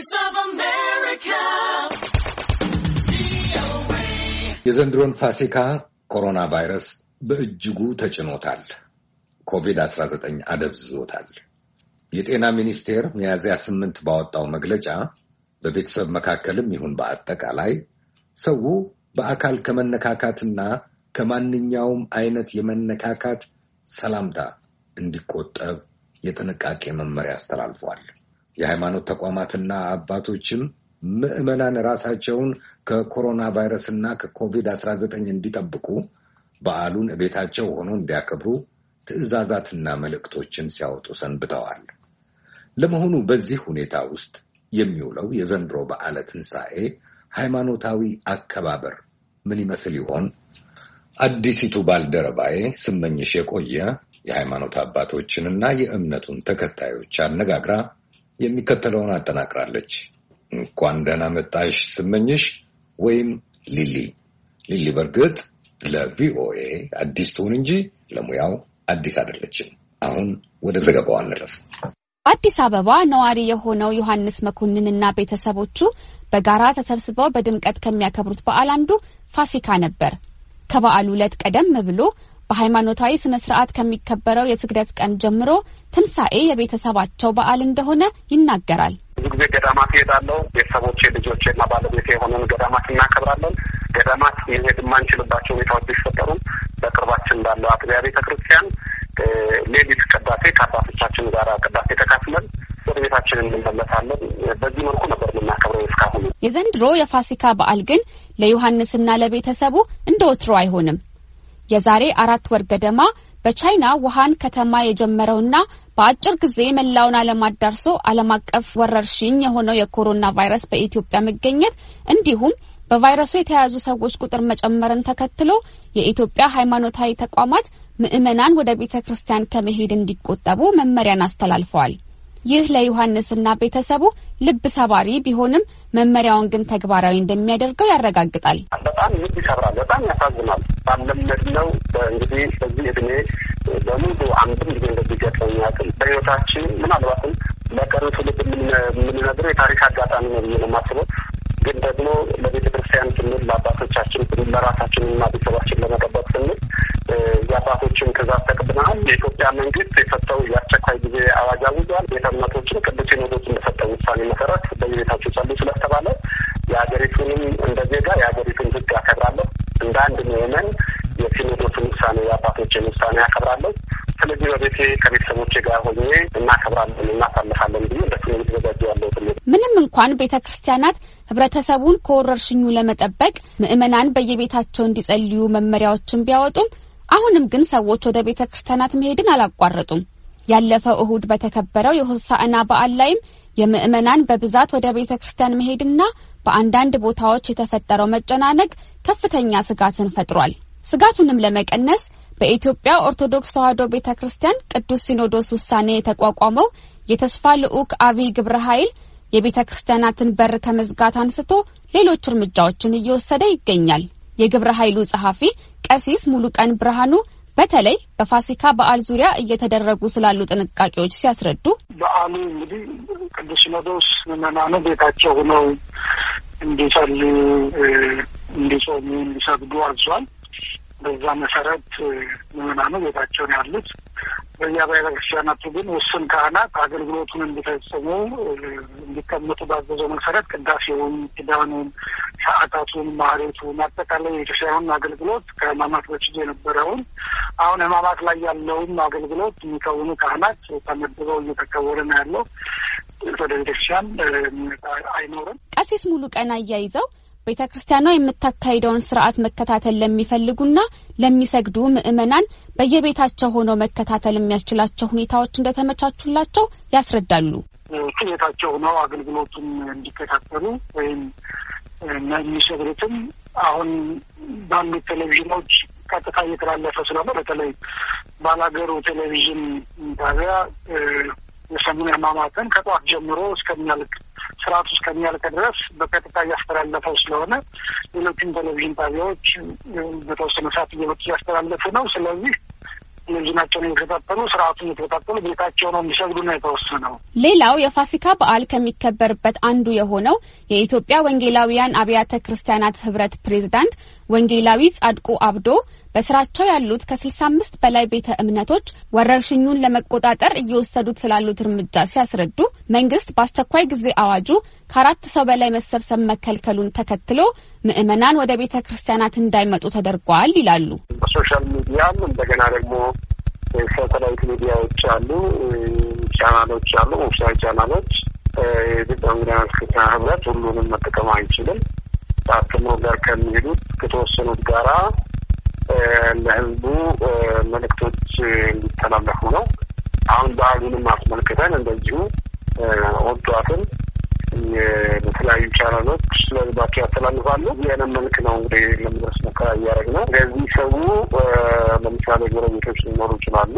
Voice of America. የዘንድሮን ፋሲካ ኮሮና ቫይረስ በእጅጉ ተጭኖታል። ኮቪድ-19 አደብዝዞታል። የጤና ሚኒስቴር ሚያዝያ ስምንት ባወጣው መግለጫ በቤተሰብ መካከልም ይሁን በአጠቃላይ ሰው በአካል ከመነካካትና ከማንኛውም አይነት የመነካካት ሰላምታ እንዲቆጠብ የጥንቃቄ መመሪያ አስተላልፏል። የሃይማኖት ተቋማትና አባቶችም ምዕመናን ራሳቸውን ከኮሮና ቫይረስና ከኮቪድ-19 እንዲጠብቁ በዓሉን እቤታቸው ሆኖ እንዲያከብሩ ትዕዛዛትና መልእክቶችን ሲያወጡ ሰንብተዋል። ለመሆኑ በዚህ ሁኔታ ውስጥ የሚውለው የዘንድሮ በዓለ ትንሣኤ ሃይማኖታዊ አከባበር ምን ይመስል ይሆን? አዲሲቱ ባልደረባዬ ስመኝሽ የቆየ የሃይማኖት አባቶችንና የእምነቱን ተከታዮች አነጋግራ የሚከተለውን አጠናቅራለች። እንኳን ደህና መጣሽ ስመኝሽ ወይም ሊሊ። ሊሊ በርግጥ ለቪኦኤ አዲስ ትሁን እንጂ ለሙያው አዲስ አይደለችም። አሁን ወደ ዘገባው አንለፍ። አዲስ አበባ ነዋሪ የሆነው ዮሐንስ መኮንንና ቤተሰቦቹ በጋራ ተሰብስበው በድምቀት ከሚያከብሩት በዓል አንዱ ፋሲካ ነበር። ከበዓሉ ዕለት ቀደም ብሎ በሃይማኖታዊ ስነ ስርዓት ከሚከበረው የስግደት ቀን ጀምሮ ትንሣኤ የቤተሰባቸው በዓል እንደሆነ ይናገራል። ብዙ ጊዜ ገዳማት እሄዳለሁ። ቤተሰቦቼ፣ ልጆቼ እና ባለቤቴ የሆነን ገዳማት እናከብራለን። ገዳማት መሄድ የማንችልባቸው ሁኔታዎች ቢፈጠሩም በቅርባችን ባለው አጥቢያ ቤተ ክርስቲያን ሌሊት ቅዳሴ ከአባቶቻችን ጋር ቅዳሴ ተካፍለን ወደ ቤታችን እንመለሳለን። በዚህ መልኩ ነበር የምናከብረው እስካሁን። የዘንድሮ የፋሲካ በዓል ግን ለዮሐንስና ለቤተሰቡ እንደ ወትሮ አይሆንም። የዛሬ አራት ወር ገደማ በቻይና ውሃን ከተማ የጀመረውና በአጭር ጊዜ መላውን ዓለም አዳርሶ ዓለም አቀፍ ወረርሽኝ የሆነው የኮሮና ቫይረስ በኢትዮጵያ መገኘት እንዲሁም በቫይረሱ የተያዙ ሰዎች ቁጥር መጨመርን ተከትሎ የኢትዮጵያ ሃይማኖታዊ ተቋማት ምዕመናን ወደ ቤተ ክርስቲያን ከመሄድ እንዲቆጠቡ መመሪያን አስተላልፈዋል። ይህ ለዮሐንስና ቤተሰቡ ልብ ሰባሪ ቢሆንም መመሪያውን ግን ተግባራዊ እንደሚያደርገው ያረጋግጣል። በጣም ልብ ይሰብራል፣ በጣም ያሳዝናል። ነው እንግዲህ በዚህ እድሜ በሙሉ አንድም ጊዜ እንደዚህ ገጥሞኝ አያውቅም። በህይወታችን ምናልባትም ለቀሩ ትውልድ የምንነግረው የታሪክ አጋጣሚ ነው ብዬ ነው የማስበው። ግን ደግሞ ለቤተ ክርስቲያን ስንል፣ ለአባቶቻችን ስንል፣ ለራሳችንና ቤተሰባችን ለመጠበቅ ስንል ዛፎችን ከዛፍ ተቀብለናል። የኢትዮጵያ መንግስት የሰጠው የአስቸኳይ ጊዜ አዋጅ አውጇል። ቤተ እምነቶችን ቅዱስ ሲኖዶስ በሰጠው ውሳኔ መሰረት በየቤታቸው ጸሉ ስለተባለ የሀገሪቱንም እንደ ዜጋ የሀገሪቱን ህግ ያከብራለሁ እንደ አንድ ምዕመን የሲኖዶስን ውሳኔ የአባቶችን ውሳኔ ያከብራለሁ። ስለዚህ በቤቴ ከቤተሰቦቼ ጋር ሆኜ እናከብራለን፣ እናሳልፋለን ብዬ እንደሱ ነው የተዘጋጀ ያለው። ምንም እንኳን ቤተ ክርስቲያናት ህብረተሰቡን ከወረርሽኙ ለመጠበቅ ምዕመናን በየቤታቸው እንዲጸልዩ መመሪያዎችን ቢያወጡም አሁንም ግን ሰዎች ወደ ቤተ ክርስቲያናት መሄድን አላቋረጡም። ያለፈው እሁድ በተከበረው የሆሳዕና በዓል ላይም የምዕመናን በብዛት ወደ ቤተ ክርስቲያን መሄድና በአንዳንድ ቦታዎች የተፈጠረው መጨናነቅ ከፍተኛ ስጋትን ፈጥሯል። ስጋቱንም ለመቀነስ በኢትዮጵያ ኦርቶዶክስ ተዋሕዶ ቤተ ክርስቲያን ቅዱስ ሲኖዶስ ውሳኔ የተቋቋመው የተስፋ ልዑክ አብይ ግብረ ኃይል የቤተ ክርስቲያናትን በር ከመዝጋት አንስቶ ሌሎች እርምጃዎችን እየወሰደ ይገኛል። የግብረ ኃይሉ ጸሐፊ ቀሲስ ሙሉቀን ብርሃኑ በተለይ በፋሲካ በዓል ዙሪያ እየተደረጉ ስላሉ ጥንቃቄዎች ሲያስረዱ በዓሉ እንግዲህ ቅዱስ ሲኖዶስ ምዕመናኑ ቤታቸው ሆነው እንዲጸልዩ፣ እንዲጾሙ፣ እንዲሰግዱ አዟል። በዛ መሰረት ምዕመናኑ ቤታቸውን ያሉት በየአብያተ ክርስቲያናቱ ግን ውስን ካህናት አገልግሎቱን እንዲፈጽሙ እንዲቀመጡ ባዘዘው መሰረት ቅዳሴውን፣ ኪዳኑን፣ ሰዓታቱን፣ ማህሌቱን አጠቃላይ የቤተክርስቲያኑን አገልግሎት ከህማማት በፊት የነበረውን አሁን ህማማት ላይ ያለውን አገልግሎት የሚከውኑ ካህናት ተመድበው እየተከወረ ነው ያለው። ወደ ቤተክርስቲያን አይኖርም። ቀሲስ ሙሉ ቀን አያይዘው ቤተ ክርስቲያኗ የምታካሂደውን ስርዓት መከታተል ለሚፈልጉና ለሚሰግዱ ምእመናን በየቤታቸው ሆነው መከታተል የሚያስችላቸው ሁኔታዎች እንደተመቻቹላቸው ያስረዳሉ። ቤታቸው ሆነው አገልግሎቱን እንዲከታተሉ ወይም የሚሰግዱትም አሁን ባሉት ቴሌቪዥኖች ቀጥታ እየተላለፈ ስለሆነ በተለይ ባላገሩ ቴሌቪዥን ጣቢያ የሰሙን ህማማትን ከጠዋት ጀምሮ እስከሚያልቅ ስርዓቱ እስከሚያልቅ ድረስ በቀጥታ እያስተላለፈው ስለሆነ ሌሎችም ቴሌቪዥን ጣቢያዎች በተወሰነ ሰዓት እየመጡ እያስተላለፉ ነው። ስለዚህ ቴሌቪዥናቸውን እየተከታተሉ ስርዓቱን እየተከታተሉ ቤታቸው ነው የሚሰግዱ ነው የተወሰነው። ሌላው የፋሲካ በዓል ከሚከበርበት አንዱ የሆነው የኢትዮጵያ ወንጌላውያን አብያተ ክርስቲያናት ህብረት ፕሬዝዳንት ወንጌላዊ ጻድቁ አብዶ በስራቸው ያሉት ከ65 በላይ ቤተ እምነቶች ወረርሽኙን ለመቆጣጠር እየወሰዱት ስላሉት እርምጃ ሲያስረዱ መንግስት በአስቸኳይ ጊዜ አዋጁ ከአራት ሰው በላይ መሰብሰብ መከልከሉን ተከትሎ ምዕመናን ወደ ቤተ ክርስቲያናት እንዳይመጡ ተደርገዋል ይላሉ። በሶሻል ሚዲያም እንደገና ደግሞ ሳተላይት ሚዲያዎች አሉ፣ ቻናሎች አሉ፣ ኦፊሳዊ ቻናሎች የኢትዮጵያ ሚዲያን ክርስቲያን ህብረት ሁሉንም መጠቀም አይችልም። ታክሞ ጋር ከሚሄዱት ከተወሰኑት ጋራ ለህዝቡ መልእክቶች እንዲተላለፉ ነው። አሁን በዓሉንም አስመልክተን እንደዚሁ ወጧትን የተለያዩ ቻናሎች ለህዝባቸው ያስተላልፋሉ። ይህንን መልክ ነው እንግዲህ ለመድረስ ሙከራ እያደረግ ነው። ለዚህ ሰው ለምሳሌ ጎረቤቶች ሊኖሩ ይችላሉ፣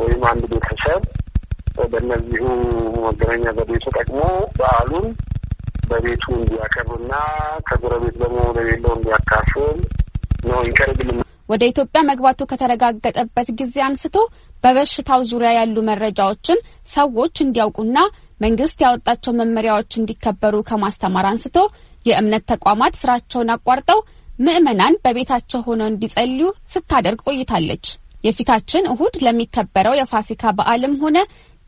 ወይም አንድ ቤተሰብ በእነዚሁ መገናኛ ዘዴ ተጠቅሞ በዓሉን በቤቱ እንዲያከብርና ከጎረቤት ደግሞ ለሌለው እንዲያካፍል ነው ወደ ኢትዮጵያ መግባቱ ከተረጋገጠበት ጊዜ አንስቶ በበሽታው ዙሪያ ያሉ መረጃዎችን ሰዎች እንዲያውቁና መንግስት ያወጣቸው መመሪያዎች እንዲከበሩ ከማስተማር አንስቶ የእምነት ተቋማት ስራቸውን አቋርጠው ምዕመናን በቤታቸው ሆነው እንዲጸልዩ ስታደርግ ቆይታለች። የፊታችን እሁድ ለሚከበረው የፋሲካ በዓልም ሆነ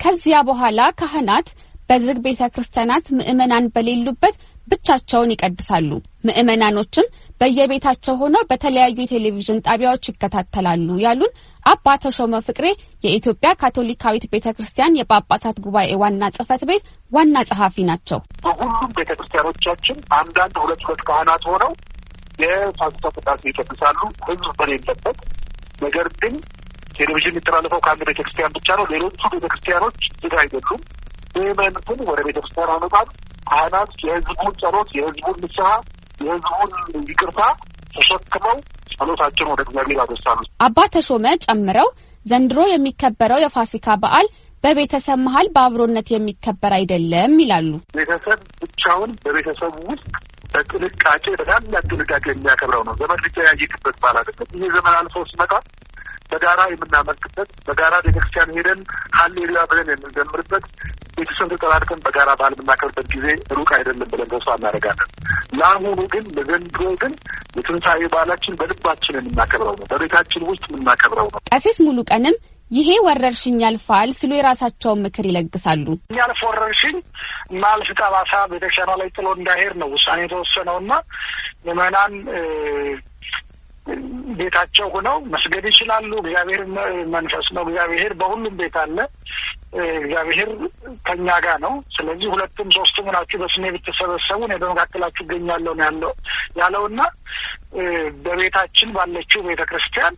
ከዚያ በኋላ ካህናት በዝግ ቤተ ክርስቲያናት ምዕመናን በሌሉበት ብቻቸውን ይቀድሳሉ። ምዕመናኖችም በየቤታቸው ሆነው በተለያዩ የቴሌቪዥን ጣቢያዎች ይከታተላሉ ያሉን አባ ተሾመ ፍቅሬ የኢትዮጵያ ካቶሊካዊት ቤተ ክርስቲያን የጳጳሳት ጉባኤ ዋና ጽህፈት ቤት ዋና ጸሐፊ ናቸው። በሁሉም ቤተ ክርስቲያኖቻችን አንዳንድ ሁለት ሁለት ካህናት ሆነው የፋሲካ ቅዳሴ ይቀድሳሉ፣ ህዝብ በሌለበት። ነገር ግን ቴሌቪዥን የሚተላለፈው ከአንድ ቤተ ክርስቲያን ብቻ ነው። ሌሎቹ ቤተ ክርስቲያኖች ዝግ አይደሉም። ምዕመናንን ወደ ቤተ ክርስቲያን አመጣል። ካህናት የህዝቡን ጸሎት፣ የህዝቡን ንስሐ የህዝቡን ይቅርታ ተሸክመው ጸሎታቸውን ወደ እግዚአብሔር አደሳሉ። አባ ተሾመ ጨምረው ዘንድሮ የሚከበረው የፋሲካ በዓል በቤተሰብ መሀል በአብሮነት የሚከበር አይደለም ይላሉ። ቤተሰብ ብቻውን በቤተሰብ ውስጥ በጥንቃቄ በታላቅ ጥንቃቄ የሚያከብረው ነው። ዘመን ሊተያይበት በዓል አይደለም። ዘመን አልፎ ሲመጣ በጋራ የምናመልክበት በጋራ ቤተክርስቲያን ሄደን ሀሌሉያ ብለን የምንዘምርበት ቤተሰብ ተጠራርቀን በጋራ በዓል የምናከብርበት ጊዜ ሩቅ አይደለም ብለን ተስፋ እናደርጋለን። ለአሁኑ ግን ለዘንድሮ ግን የትንሣኤ በዓላችን በልባችን የምናከብረው ነው፣ በቤታችን ውስጥ የምናከብረው ነው። ቀሲስ ሙሉ ቀንም ይሄ ወረርሽኝ ያልፋል ሲሉ የራሳቸውን ምክር ይለግሳሉ። ያልፍ ወረርሽኝ ማልፍ ጠባሳ ቤተክርስቲያኗ ላይ ጥሎ እንዳሄድ ነው ውሳኔ የተወሰነው እና ምዕመናን ቤታቸው ሆነው መስገድ ይችላሉ። እግዚአብሔር መንፈስ ነው። እግዚአብሔር በሁሉም ቤት አለ። እግዚአብሔር ከኛ ጋር ነው። ስለዚህ ሁለቱም ሶስቱም ናችሁ በስሜ ብትሰበሰቡ እኔ በመካከላችሁ እገኛለሁ ነው ያለው ያለውና በቤታችን ባለችው ቤተ ክርስቲያን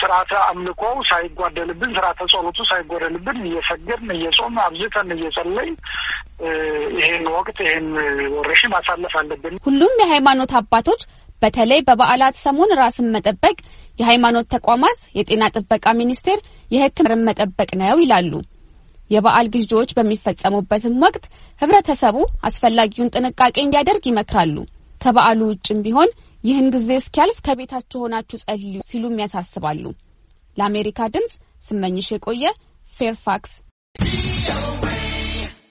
ስርዓተ አምልኮው ሳይጓደልብን ስርዓተ ጸሎቱ ሳይጓደልብን እየሰገድን እየጾም አብዝተን እየጸለይ ይሄን ወቅት ይሄን ወረሽኝ ማሳለፍ አለብን። ሁሉም የሃይማኖት አባቶች በተለይ በበዓላት ሰሞን ራስን መጠበቅ የሃይማኖት ተቋማት፣ የጤና ጥበቃ ሚኒስቴር የህክምርን መጠበቅ ነው ይላሉ። የበዓል ግዢዎች በሚፈጸሙበትም ወቅት ህብረተሰቡ አስፈላጊውን ጥንቃቄ እንዲያደርግ ይመክራሉ። ከበዓሉ ውጭም ቢሆን ይህን ጊዜ እስኪያልፍ ከቤታችሁ ሆናችሁ ጸልዩ ሲሉም ያሳስባሉ። ለአሜሪካ ድምጽ ስመኝሽ የቆየ ፌርፋክስ